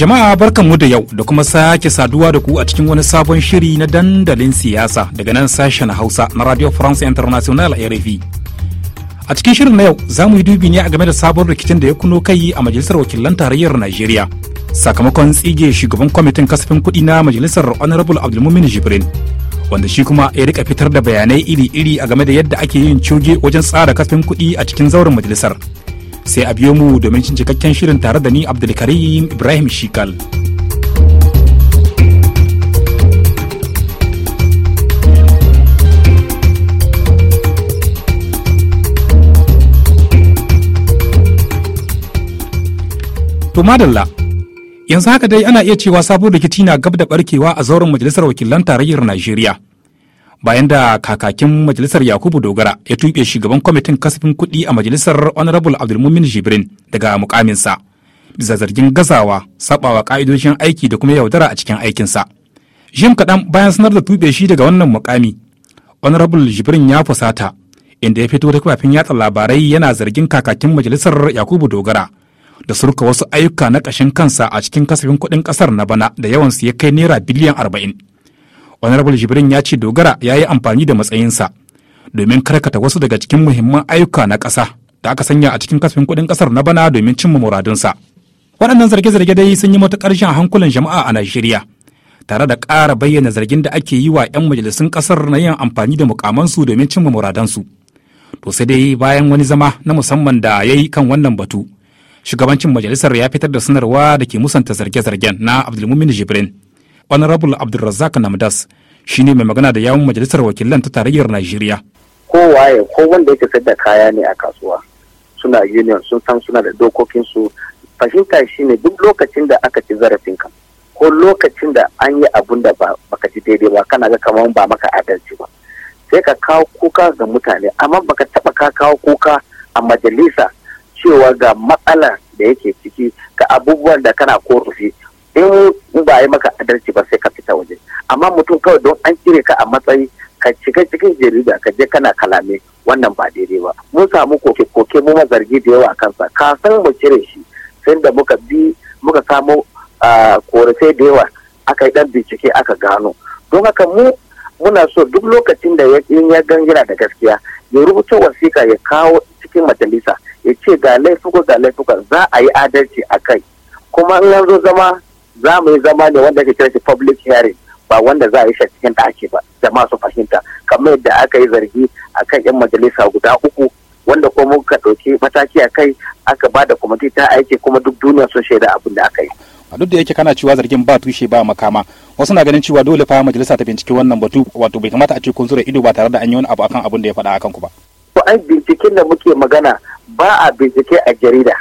Jama'a barkanmu da yau da kuma sake saduwa da ku a cikin wani sabon shiri na dandalin siyasa daga nan sashen Hausa na Radio France International arv. A cikin shirin na yau za mu yi dubi ne a game da sabon rikicin da ya kuno kai a Majalisar Wakilan Tarayyar Najeriya sakamakon tsige shugaban kwamitin kasafin kuɗi na Majalisar Honorable Abdulmumin Jibrin. Wanda shi kuma ya rika fitar da bayanai iri-iri a game da yadda ake yin coge wajen tsara kasafin kuɗi a cikin zauren majalisar. sai a biyo mu domin cin cikakken shirin tare da ni abdulkarim ibrahim shikal to madalla yanzu haka dai ana iya cewa sabon rikici na gab da barkewa a zauren majalisar wakilan tarayyar najeriya bayan da kakakin majalisar yakubu dogara ya tuɓe shugaban kwamitin kasafin kuɗi a majalisar honorable abdulmumin jibrin daga mukaminsa bisa zargin gazawa sabawa ka'idoshin aiki da kuma yaudara a cikin aikinsa jim kaɗan bayan sanar da tuɓe shi daga wannan mukami honorable jibrin ya fusata inda ya fito da kafafin yatsa labarai yana zargin kakakin majalisar yakubu dogara da surka wasu ayyuka na ƙashin kansa a cikin kasafin kuɗin ƙasar na bana da yawansu ya kai naira biliyan arba'in honorable jibrin ya ce dogara ya yi amfani da matsayinsa domin karkata wasu daga cikin muhimman ayyuka na ƙasa da aka sanya a cikin kasafin kuɗin ƙasar na bana domin cimma muradunsa waɗannan zarge-zarge dai sun yi matuƙar shan hankulan jama'a a najeriya tare da ƙara bayyana zargin da ake yi wa 'yan majalisun ƙasar na yin amfani da mukamansu domin cimma muradansu to sai dai bayan wani zama na musamman da ya yi kan wannan batu shugabancin majalisar ya fitar da sanarwa da ke musanta zarge-zargen na abdulmumin jibrin honorable abdulrazak namdas shi ne mai magana da yawon majalisar wakilan ta tarayyar najeriya kowaye ko wanda yake sayar da kaya ne a kasuwa suna union sun san suna da dokokinsu fahimta shine duk lokacin da aka ci zarafin ka ko lokacin da an yi abun da baka ci daidai ba kana ga kamar ba maka adalci ba sai ka kawo kuka ga mutane amma baka taba ka kawo kuka a majalisa cewa ga matsalar da yake ciki ga abubuwan da kana korafi in ba yi maka adalci ba sai ka fita waje amma mutum kawai don an cire ka a matsayi ka shiga cikin jarida ka je kana kalame wannan ba daidai ba mun samu koke koke mu zargi da yawa kansa ka san mu cire shi sai da muka bi muka samo korafai da yawa aka yi dan bincike aka gano don haka mu muna so duk lokacin da ya ya yana da gaskiya ya rubuta wasiƙa ya kawo cikin majalisa ya ce ga laifuka ga laifuka za a yi adalci a kai kuma in yanzu zama za mu yi zama ne wanda ake kira shi public hearing ba wanda za a yi shi cikin ɗaki ba da masu fahimta kamar yadda aka yi zargi a kan 'yan majalisa guda uku wanda kuma muka ɗauki mataki a kai aka ba da kwamiti ta aiki kuma duk duniya sun shaida abin da aka yi. a duk da yake kana cewa zargin ba tushe ba makama wasu na ganin cewa dole fa majalisa ta binciki wannan batu wato bai kamata a ce kun zura ido ba tare da an yi wani abu akan abin da ya faɗa akan ku ba. ko ai binciken da muke magana ba a bincike a jarida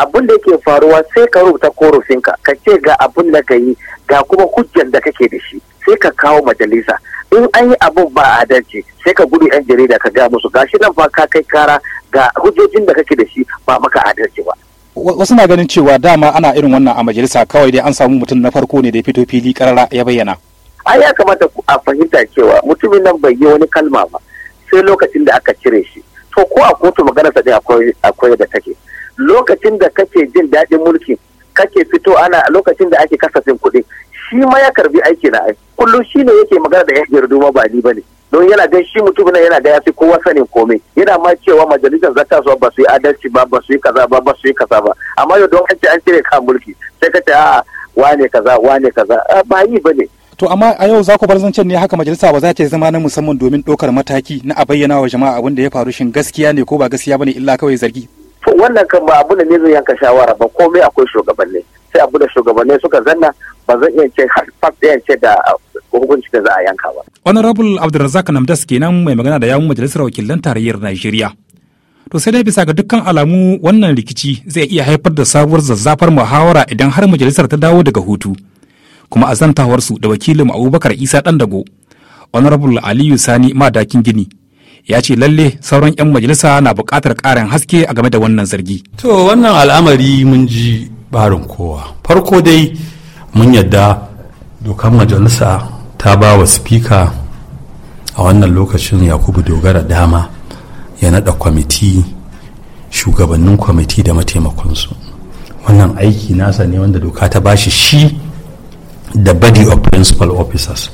abun da yake faruwa sai ka rubuta korofinka ka ce ga abun da ka yi ga kuma hujjar da kake da shi sai ka kawo majalisa in an yi abin ba adalci sai ka gudu yan jarida ka ga musu gashi nan ba ka kai kara ga hujjojin da kake da shi ba maka adalci ba wasu na ganin cewa dama ana irin wannan a majalisa kawai dai an samu mutum na farko ne da ya fito fili karara ya bayyana a ya kamata a fahimta cewa mutumin nan bai yi wani kalma ba sai lokacin da aka cire shi to ko a kotu maganarsa dai akwai da take lokacin da kake jin daɗin mulki kake fito ana lokacin da ake kasafin kuɗi shi ma ya karbi aiki na ai kullum shi ne yake magana da yan jaridu ma ba ni ba ne don yana gan shi mutum nan yana ga ya fi kowa sanin komai yana ma cewa majalisar zakasuwa ba su yi adalci ba ba su yi kaza ba ba su yi kaza ba amma yau don an ce an cire kan mulki sai ka ce a wane kaza wane kaza ba yi ne. to amma a yau za ku bar zancen ne haka majalisa ba za ta zama na musamman domin ɗaukar mataki na a bayyana wa jama'a abin da ya faru shin gaskiya ne ko ba gaskiya ba ne illa kawai zargi wannan kan ba abu da ne zai yanka shawara ba komai akwai shugabanni sai abu da shugabanni suka zanna ba zan iya ce har ce da hukunci da za a yanka ba. Honorable Abdulrazak Namdas kenan mai magana da yawun majalisar wakilan tarayyar Najeriya. to sai dai bisa ga dukkan alamu wannan rikici zai iya haifar da sabuwar zazzafar muhawara idan har majalisar ta dawo daga hutu kuma a zantawarsu da wakilin abubakar isa dan dago honorable aliyu sani madakin gini ya ce lalle sauran 'yan majalisa na buƙatar ƙarin haske a game da wannan zargi. To wannan al'amari mun ji barin kowa. Farko dai mun yadda dokar majalisa ta ba wa spika a wannan lokacin Yakubu Dogara dama ya naɗa kwamiti shugabannin kwamiti da mataimakonsu. Wannan aiki nasa ne wanda doka ta bashi shi da body of principal officers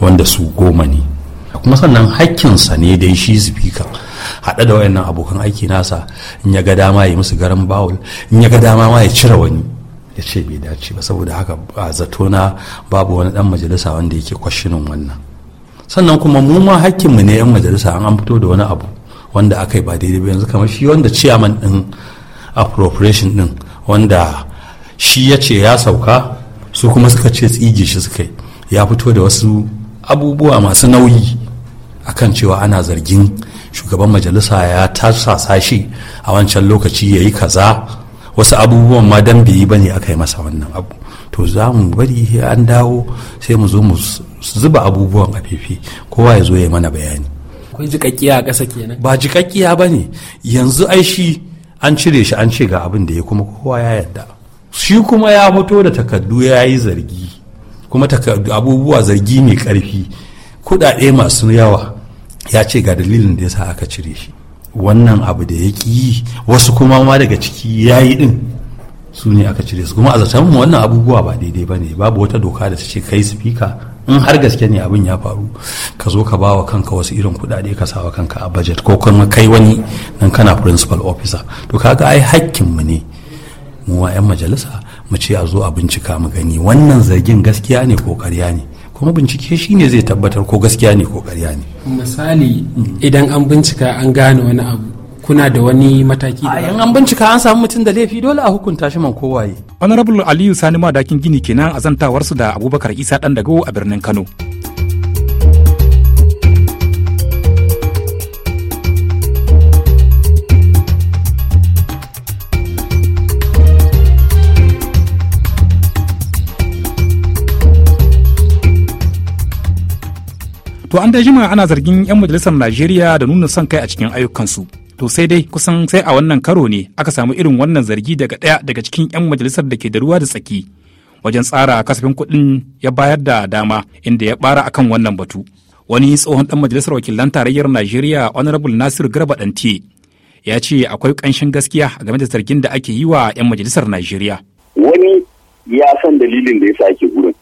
wanda su goma ne. kuma sannan hakkinsa ne dai shi spika haɗe da wayannan abokan aiki nasa in ya ga dama ya musu garin bawul in ya ga dama ma ya cire wani ya ce bai dace ba saboda haka a zato na babu wani dan majalisa wanda yake kwashinin wannan sannan kuma mu ma hakkinmu ne yan majalisa an fito da wani abu wanda aka yi ba daidai ba yanzu kamar shi wanda ciyaman din appropriation din wanda shi ya ce ya sauka su kuma suka ce tsige shi suka yi ya fito da wasu abubuwa masu nauyi akan cewa ana zargin shugaban majalisa ya tasa shi a wancan lokaci ya yi kaza wasu abubuwan ma dan bai yi ba ne aka yi masa wannan abu to za mu bari an dawo sai mu zo mu zuba abubuwan a fifi kowa ya zo ya mana bayani akwai jikakkiya a ƙasa kenan ba jikakkiya ba ne yanzu ai shi an cire shi an ce ga abin da ya kuma kowa ya yarda shi kuma ya fito da takardu ya yi zargi kuma abubuwa zargi mai karfi kuɗaɗe masu yawa ya ce ga dalilin da ya sa aka cire shi wannan abu da ya ƙi wasu kuma ma daga ciki ya yi ɗin su ne aka cire su kuma a zaton wannan abubuwa ba daidai ba ne babu wata doka da ta ce kai sifika in har gaske ne abin ya faru ka zo ka ba wa kanka wasu irin kuɗaɗe ka sa wa kanka a budget ko kuma kai wani nan kana principal officer to kaga ai mu ne mu wa 'yan majalisa mu ce a zo a bincika mu gani wannan zargin gaskiya ne ko karya ne kuma bincike shi ne zai tabbatar ko gaskiya ne ko karya ne misali idan an bincika an gane wani abu kuna da wani mataki da yan an bincika an samu mutum da laifi dole a hukunta shi man kowaye honorable aliyu sani madakin gini kenan azantawarsu da abubakar isa dan dago a birnin kano to an da jima ana zargin 'yan majalisar najeriya da nuna son kai a cikin ayyukansu to sai dai kusan sai a wannan karo ne aka samu irin wannan zargi daga ɗaya daga cikin 'yan majalisar da ke da ruwa da tsaki wajen tsara kasafin kuɗin ya bayar da dama inda ya bara akan wannan batu wani tsohon dan majalisar wakilan tarayyar najeriya honorable nasir garba dante. ya ce akwai ƙanshin gaskiya game da zargin da ake yi wa 'yan majalisar najeriya wani ya san dalilin da ya sa ake gurin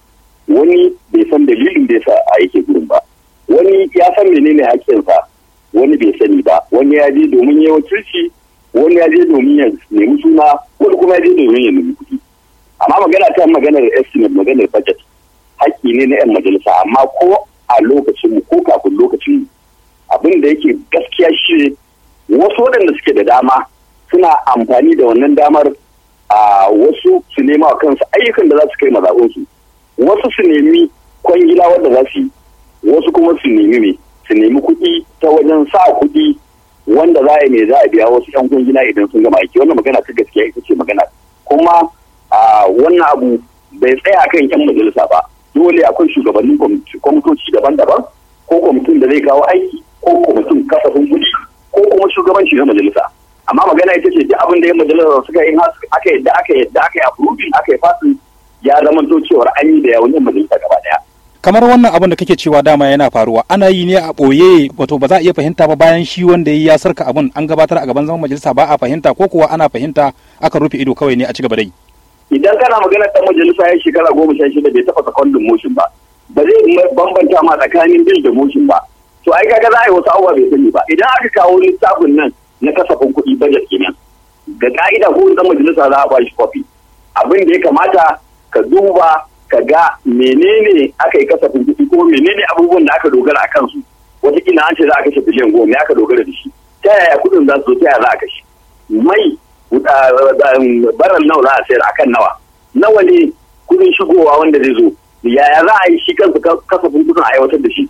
wani bai san dalilin da ya sa a yake gurin ba wani ya san menene haƙƙinsa wani bai sani ba wani ya je domin ya wakilci wani ya je domin ya nemi suna wani kuma ya je domin ya nemi kuɗi amma magana ta maganar estimate maganar budget haƙƙi ne na 'yan majalisa amma ko a lokacin mu ko kafin lokacin mu abin da yake gaskiya shi ne wasu waɗanda suke da dama suna amfani da wannan damar a wasu su nema kansu ayyukan da za su kai mazaɓonsu wasu su nemi kwangila wadda za su yi wasu kuma su nemi ne su nemi kuɗi ta wajen sa kuɗi wanda za a mai za a biya wasu yan kungina idan sun gama aiki wannan magana ta gaskiya ita ce magana kuma a wannan abu bai tsaya kan yan majalisa ba dole akwai shugabannin kwamitoci daban-daban ko kwamitin da zai kawo aiki ko kwamitin kasafin kuɗi ko kuma shugabanci na majalisa amma magana ita ce duk abin da yan majalisa suka yi aka yadda aka yadda aka yi approving aka yi fasin ya zama to cewar an yi da yawon yan majalisa kamar wannan abin da kake cewa dama yana faruwa ana yi ne a ɓoye wato ba za a iya fahimta ba bayan shi wanda ya sarka abin an gabatar a gaban zaman majalisa ba a fahimta ko kuwa ana fahimta aka rufe ido kawai ne a cigaba da dai idan kana magana ta majalisa ya shekara goma sha shida bai taɓa secondin motion ba ba zai bambanta ma tsakanin bil da motion ba to ai kaga za a yi wasu abubuwa bai sani ba idan aka kawo lissafin nan na kasafin kuɗi budget kenan ga ka'ida ko ɗan majalisa za a ba shi kofi abin da ya kamata ka duba ka ga menene aka yi kasafin kuɗi ko menene abubuwan da aka dogara a kansu wataƙila an ce za a kashe biliyan goma ya aka dogara da shi ta yaya kuɗin za su zo ta yaya za a kashe mai baran nawa za a sayar a kan nawa nawa ne kuɗin shigowa wanda zai zo yaya za a yi shi kansu kasafin kuɗin a aiwatar da shi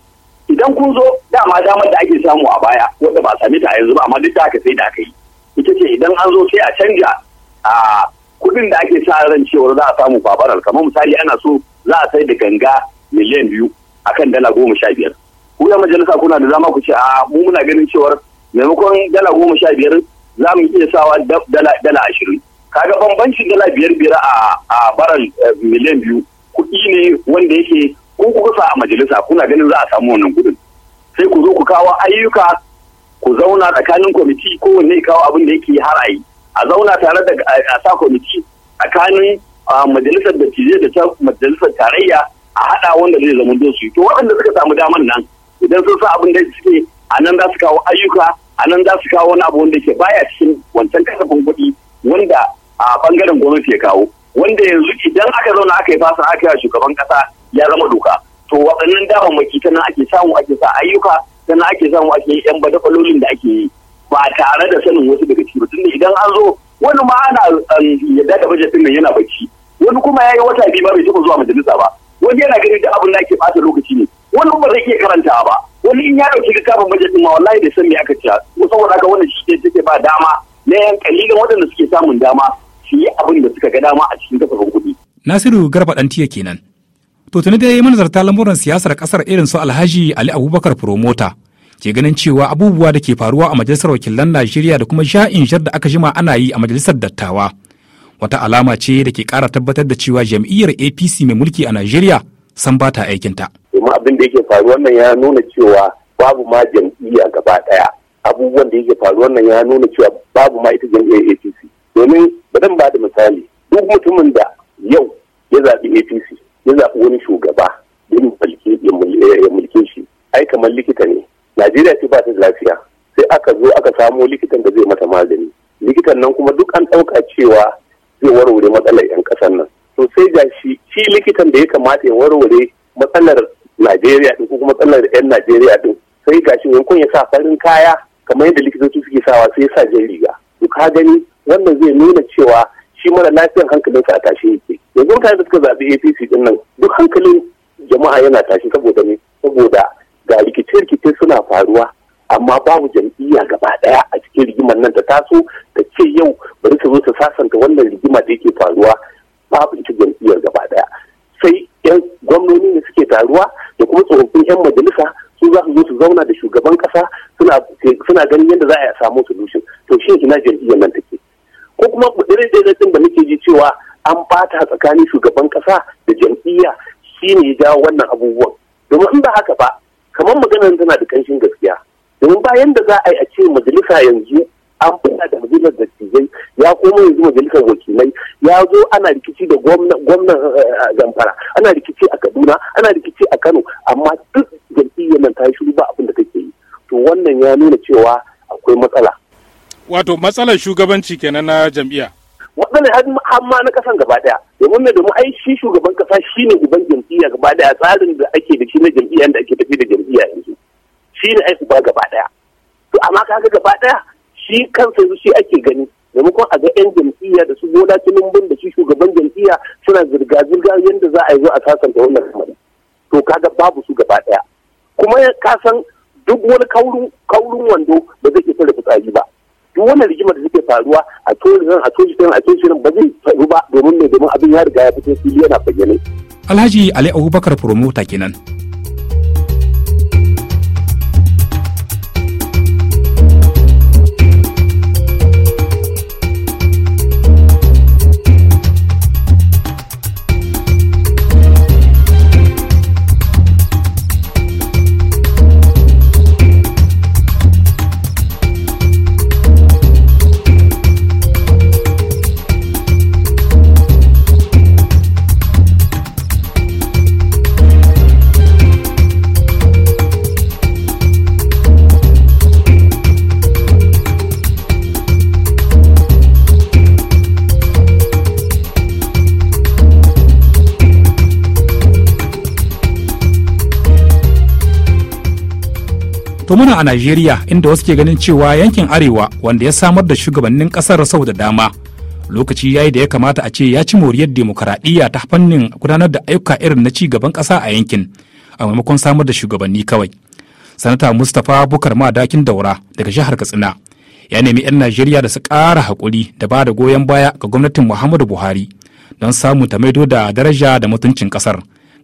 idan kun zo dama damar da ake samu a baya wanda ba a same ta a yanzu ba amma duk da aka sai da aka yi ita ce idan an zo sai a canja a Kudin da ake sa ran cewar za a samu babarar kamar misali ana so za a sai da ganga miliyan biyu akan dala goma sha biyar ku ya majalisa kuna da zama ku ce a mu muna ganin cewar maimakon dala goma sha biyar za mu iya sawa dala ashirin kaga bambancin dala biyar biyar a baran eh, miliyan biyu kuɗi ne wanda yake ko kuka sa a majalisa kuna ganin za a samu wannan kuɗin sai ku zo ku kawo ayyuka ku zauna tsakanin kwamiti kowanne kawo abin da yake har a yi a zauna tare da a sa kwamiti tsakanin majalisar dattijai da majalisar tarayya a haɗa wanda zai zama dosu to waɗanda suka samu damar nan idan sun sa abin da suke a nan za su kawo ayyuka a nan za su kawo wani abu wanda ke baya cikin wancan kasafin kuɗi wanda a bangaren gwamnati ya kawo wanda yanzu idan aka zauna aka yi fasa aka yi shugaban kasa ya zama doka to waɗannan damammaki ta nan ake samu ake sa ayyuka ta nan ake samu ake yan falolin da ake yi tare da sanin wasu daga ciki tunda idan an zo wani ma ana yadda da bajet din yana bacci wani kuma ya yi wata biyu ba bai taba zuwa majalisa ba wani yana ganin da abin da ake bata lokaci ne wani ba zai iya karanta ba wani in ya dauki littafin bajet din ma wallahi bai san me aka ci saboda haka wannan shi take ba dama na yan kalilan waɗanda suke samun dama su yi abin da suka ga dama a cikin kasafin kuɗi. Nasiru Garba tiya kenan. To tuni dai manazarta lamuran siyasar kasar irin su Alhaji Ali Abubakar Promota ke ganin cewa abubuwa da ke faruwa a majalisar wakilan najeriya da kuma sha'in shar da aka jima ana yi a majalisar dattawa wata alama ce da ke kara tabbatar da cewa jam'iyyar apc mai mulki a najeriya san ba ta aikinta domin abin da yake faru wannan ya nuna cewa babu ma jam'iyya gaba daya abubuwan da yake faru wannan ya nuna cewa babu ma ita jam'iyyar apc domin bari ba da misali duk mutumin da yau ya zaɓi apc ya zaɓi wani shugaba ya mulke shi ai kamar likita ne najeriya ce ba ta lafiya sai aka zo aka samo likitan da zai mata magani likitan nan kuma duk an ɗauka cewa zai warware matsalar 'yan ƙasar nan to sai ga shi shi likitan da ya kamata ya warware matsalar najeriya ɗin ko kuma matsalar 'yan najeriya ɗin sai ga shi yankun ya sa farin kaya kamar yadda likitoci suke sawa sai ya sa jan riga to ka gani wannan zai nuna cewa shi mara lafiyar hankalinsa a tashi yake yanzu mutane da suka zaɓi apc ɗin nan duk hankalin jama'a yana tashi saboda ne saboda ga rikice-rikice suna faruwa amma babu jam'iyya gaba daya a cikin rigimar nan ta taso ta ce yau bari ta zo ta sasanta wannan rigima da yake faruwa babu ita jam'iyyar gaba daya sai yan gwamnoni ne suke taruwa da kuma tsofaffin yan majalisa su za su zo su zauna da shugaban kasa suna ganin yadda za a samu solution to shi ina jam'iyyar nan take ko kuma irin din da nake ji cewa an bata tsakanin shugaban kasa da jam'iyya shine ya jawo wannan abubuwan domin in ba haka ba kamar maganar tana da kanshin gaskiya domin bayan da za a yi a ce majalisa yanzu an fita da majalisar dattijai ya koma yanzu majalisar wakilai ya zo ana rikici da gwamnan eh, eh, zamfara ana rikici a kaduna ana rikici a kano amma duk jam'iyyar nan ta yi shiru ba abin da take yi to wannan ya nuna cewa akwai matsala wato matsalar shugabanci kenan na jam'iyya matsalar har ma na ƙasan gaba ɗaya domin me domin ai shi shugaban kasa shi ne uban jam'iyya gaba daya tsarin da ake da shi na jam'iyya da ake tafi da jam'iyya yanzu shine ai uba gaba daya to amma kaga gaba daya shi kansa yanzu shi ake gani maimakon a ga yan jam'iyya da su bola tinubu da shi shugaban jam'iyya suna zirga zirga yadda za a yi zo a sasanta wannan kamar to kaga babu su gaba daya kuma ka san duk wani kaurin wando ba zai ke fara fitsari ba duk wannan rigimar da suke faruwa a tojin a tojin a tojin ba zai faru ba domin ne domin abin ya riga ya fito fili yana bayyane. Alhaji Ali Abubakar Furomota kenan. a Najeriya inda wasu ke ganin cewa yankin Arewa wanda ya samar da shugabannin ƙasar sau da dama. Lokaci yayi da ya kamata a ce ya ci moriyar demokaradiyya ta fannin gudanar da ayyuka irin na ci gaban ƙasa a yankin a maimakon samar da shugabanni kawai. Sanata Mustapha Bukar Madakin Daura daga jihar Katsina ya nemi 'yan Najeriya da su ƙara haƙuri da ba da goyon baya ga gwamnatin Muhammadu Buhari don samu ta maido da daraja da mutuncin ƙasar.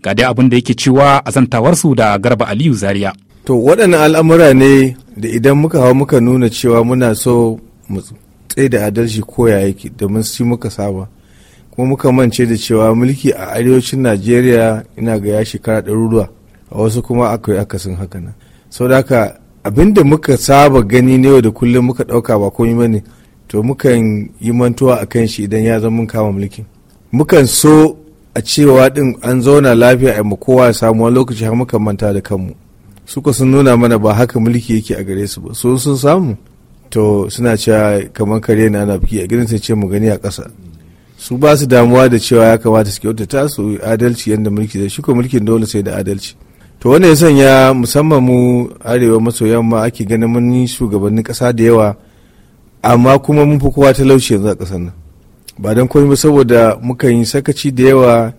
Ga dai abin da yake cewa a zantawarsu da Garba Aliyu Zaria. to waɗannan al'amura ne da idan muka hau muka nuna cewa muna so mu tsaye da adalci ko ya yake domin su muka saba kuma muka mance da cewa mulki a arewacin najeriya ina ga ya shekara ɗaruruwa a wasu kuma akwai akasin haka nan sau da haka abinda muka saba gani ne da kullum muka ɗauka ba komai ne to mukan yi mantuwa a kan shi idan ya zama mun kama mulki mukan so a cewa din an zauna lafiya a kowa ya samu wani lokaci har muka manta da kanmu suka sun nuna mana ba haka mulki yake a gare su ba so sun samu to suna cewa kamar kare na ana biki a gidan sai ce mu gani a ƙasa su ba su damuwa da cewa ya kamata su wata su adalci yadda mulki zai shuka mulkin dole sai da adalci to wanda ya sanya musamman mu arewa maso yamma ake ganin mun shugabannin ƙasa da yawa amma kuma mun fi kowa talauci yanzu a ƙasar nan ba don komai ba saboda mukan yi sakaci da yawa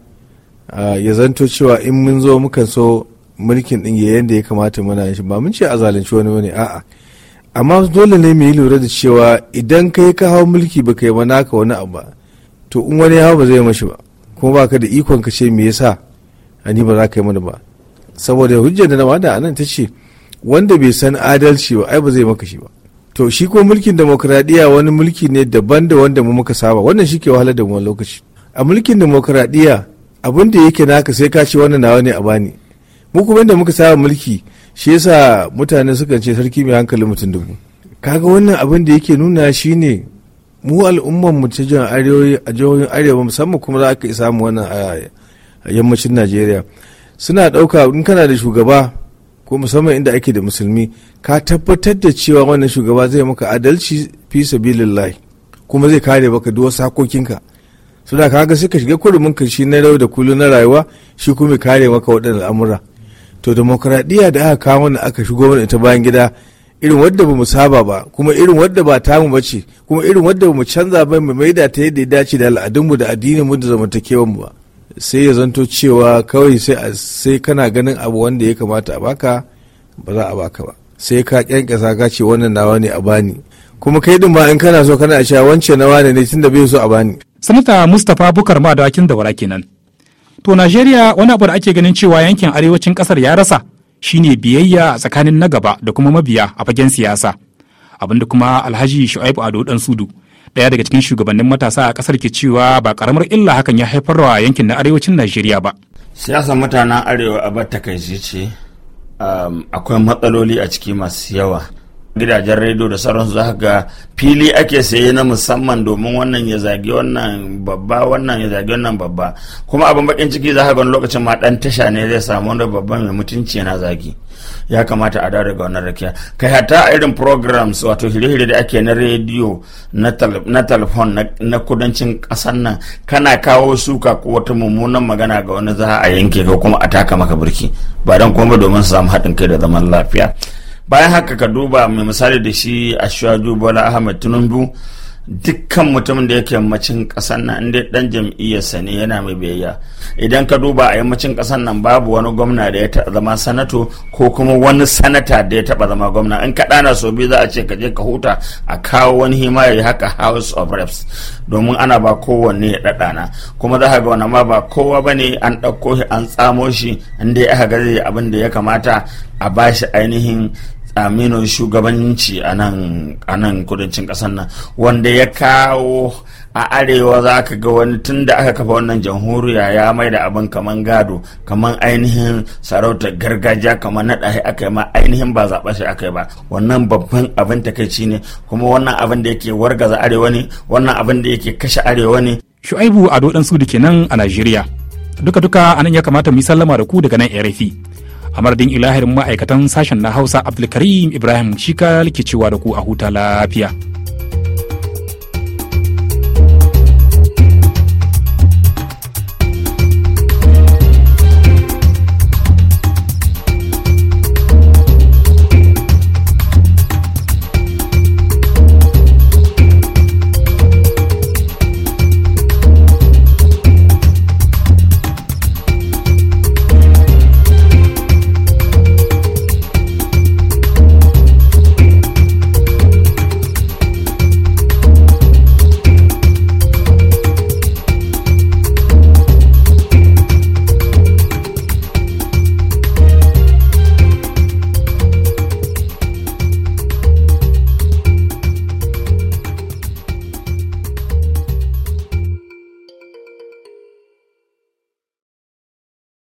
ya zanto cewa in mun zo mukan so mulkin din ya yanda ya kamata muna shi ba mun ce a zalunci wani wani a'a amma dole ne mu yi lura da cewa idan kai ka hawo mulki ba kai ba naka wani abu ba to in wani ya hau ba zai mashi ba kuma ba ka da ikon ka ce me yasa ani ba za ka yi mana ba saboda hujjar da na bada anan ta ce wanda bai san adalci ba ai ba zai maka shi ba to shi ko mulkin demokradiya wani mulki ne daban da wanda mu muka saba wannan shi ke wahalar da mu lokaci a mulkin demokradiya abin da yake naka sai ka ce wannan nawa ne a bani mu kuma da muka saba mulki shi yasa mutane sukan ce sarki mai hankali mutum dubu kaga wannan abin da yake nuna shine mu al'umman mu ta a jihohin arewa musamman kuma za ka samu wannan a yammacin najeriya suna ɗauka in kana da shugaba ko musamman inda ake da musulmi ka tabbatar da cewa wannan shugaba zai maka adalci fi sabilillahi kuma zai kare baka duk wasu hakokinka suna kaga suka shiga kurumin kashi na rau da kullum na rayuwa shi kuma kare maka waɗannan al'amura to demokradiyya da aka kawo mana aka shigo mana ita bayan gida irin wadda ba mu saba ba kuma irin wadda ba tamu ba ce kuma irin wadda ba mu canza ba mu maida ta yadda ya dace da al'adunmu da mu da mu ba sai ya zanto cewa kawai sai sai kana ganin abu wanda ya kamata a baka ba za a baka ba sai ka kyankyasa ka ce wannan nawa ne a bani kuma kai din ba in kana so kana cewa wance nawa ne tunda bai so a bani sanata mustapha bukar ma wakin da wara kenan to najeriya wani abu da ake ganin cewa yankin arewacin kasar ya rasa shine biyayya a tsakanin na gaba da kuma mabiya a fagen siyasa abinda kuma alhaji shu'aibu ado dan sudu daya daga cikin shugabannin matasa a kasar ke cewa ba karamar illa hakan ya haifar wa yankin na arewacin najeriya ba siyasar mutanen arewa a ta kai ce um, akwai matsaloli a ciki masu yawa gidajen rediyo da sauransu za ga fili ake saye na musamman domin wannan ya zagi wannan babba wannan ya zagi wannan babba kuma abin bakin ciki za ga wani lokacin ma dan tasha ne zai samu wanda babban mai mutunci yana zagi ya kamata a dawo daga wannan rakiya kai hata a irin programs wato hire-hire da ake na rediyo na telefon na kudancin kasan nan kana kawo suka ko wata mummunan magana ga wani za a yanke ka kuma a taka maka birki ba don kuma domin su samu haɗin kai da zaman lafiya bayan haka ka duba mai misali da shi a shuwaju bola ahmad tunubu dukkan mutumin da yake yammacin kasan nan inda dan jam'iyyarsa ne yana mai biyayya idan ka duba a yammacin kasan nan babu wani gwamna da ya taɓa zama sanato ko kuma wani sanata da ya taɓa zama gwamna in ka ɗana so biyu za a ce ka je ka huta a kawo wani himaya ya haka house of reps domin ana ba kowanne ya ɗaɗana kuma za ka ga wani ma ba kowa ba ne an ɗauko shi an tsamo shi inda ya ga zai abin da ya kamata a bashi ainihin aminu shugabanci a nan kudancin ƙasar nan wanda ya kawo a arewa za ka ga wani tun da aka kafa wannan jamhuriya ya mai da abin kaman gado kaman ainihin sarautar gargajiya kaman ɗahi aka yi ma ainihin ba zaɓa shi aka yi ba wannan babban abin takaici ne kuma wannan abin da yake wargaza arewa ne wannan abin da yake kashe arewa ne. shu'aibu ado da ke kenan a najeriya duka-duka anan ya kamata mu yi sallama da ku daga nan rfi a madadin ilahirin ma'aikatan sashen na hausa abdulkarim ibrahim shika ka cewa da ku a huta lafiya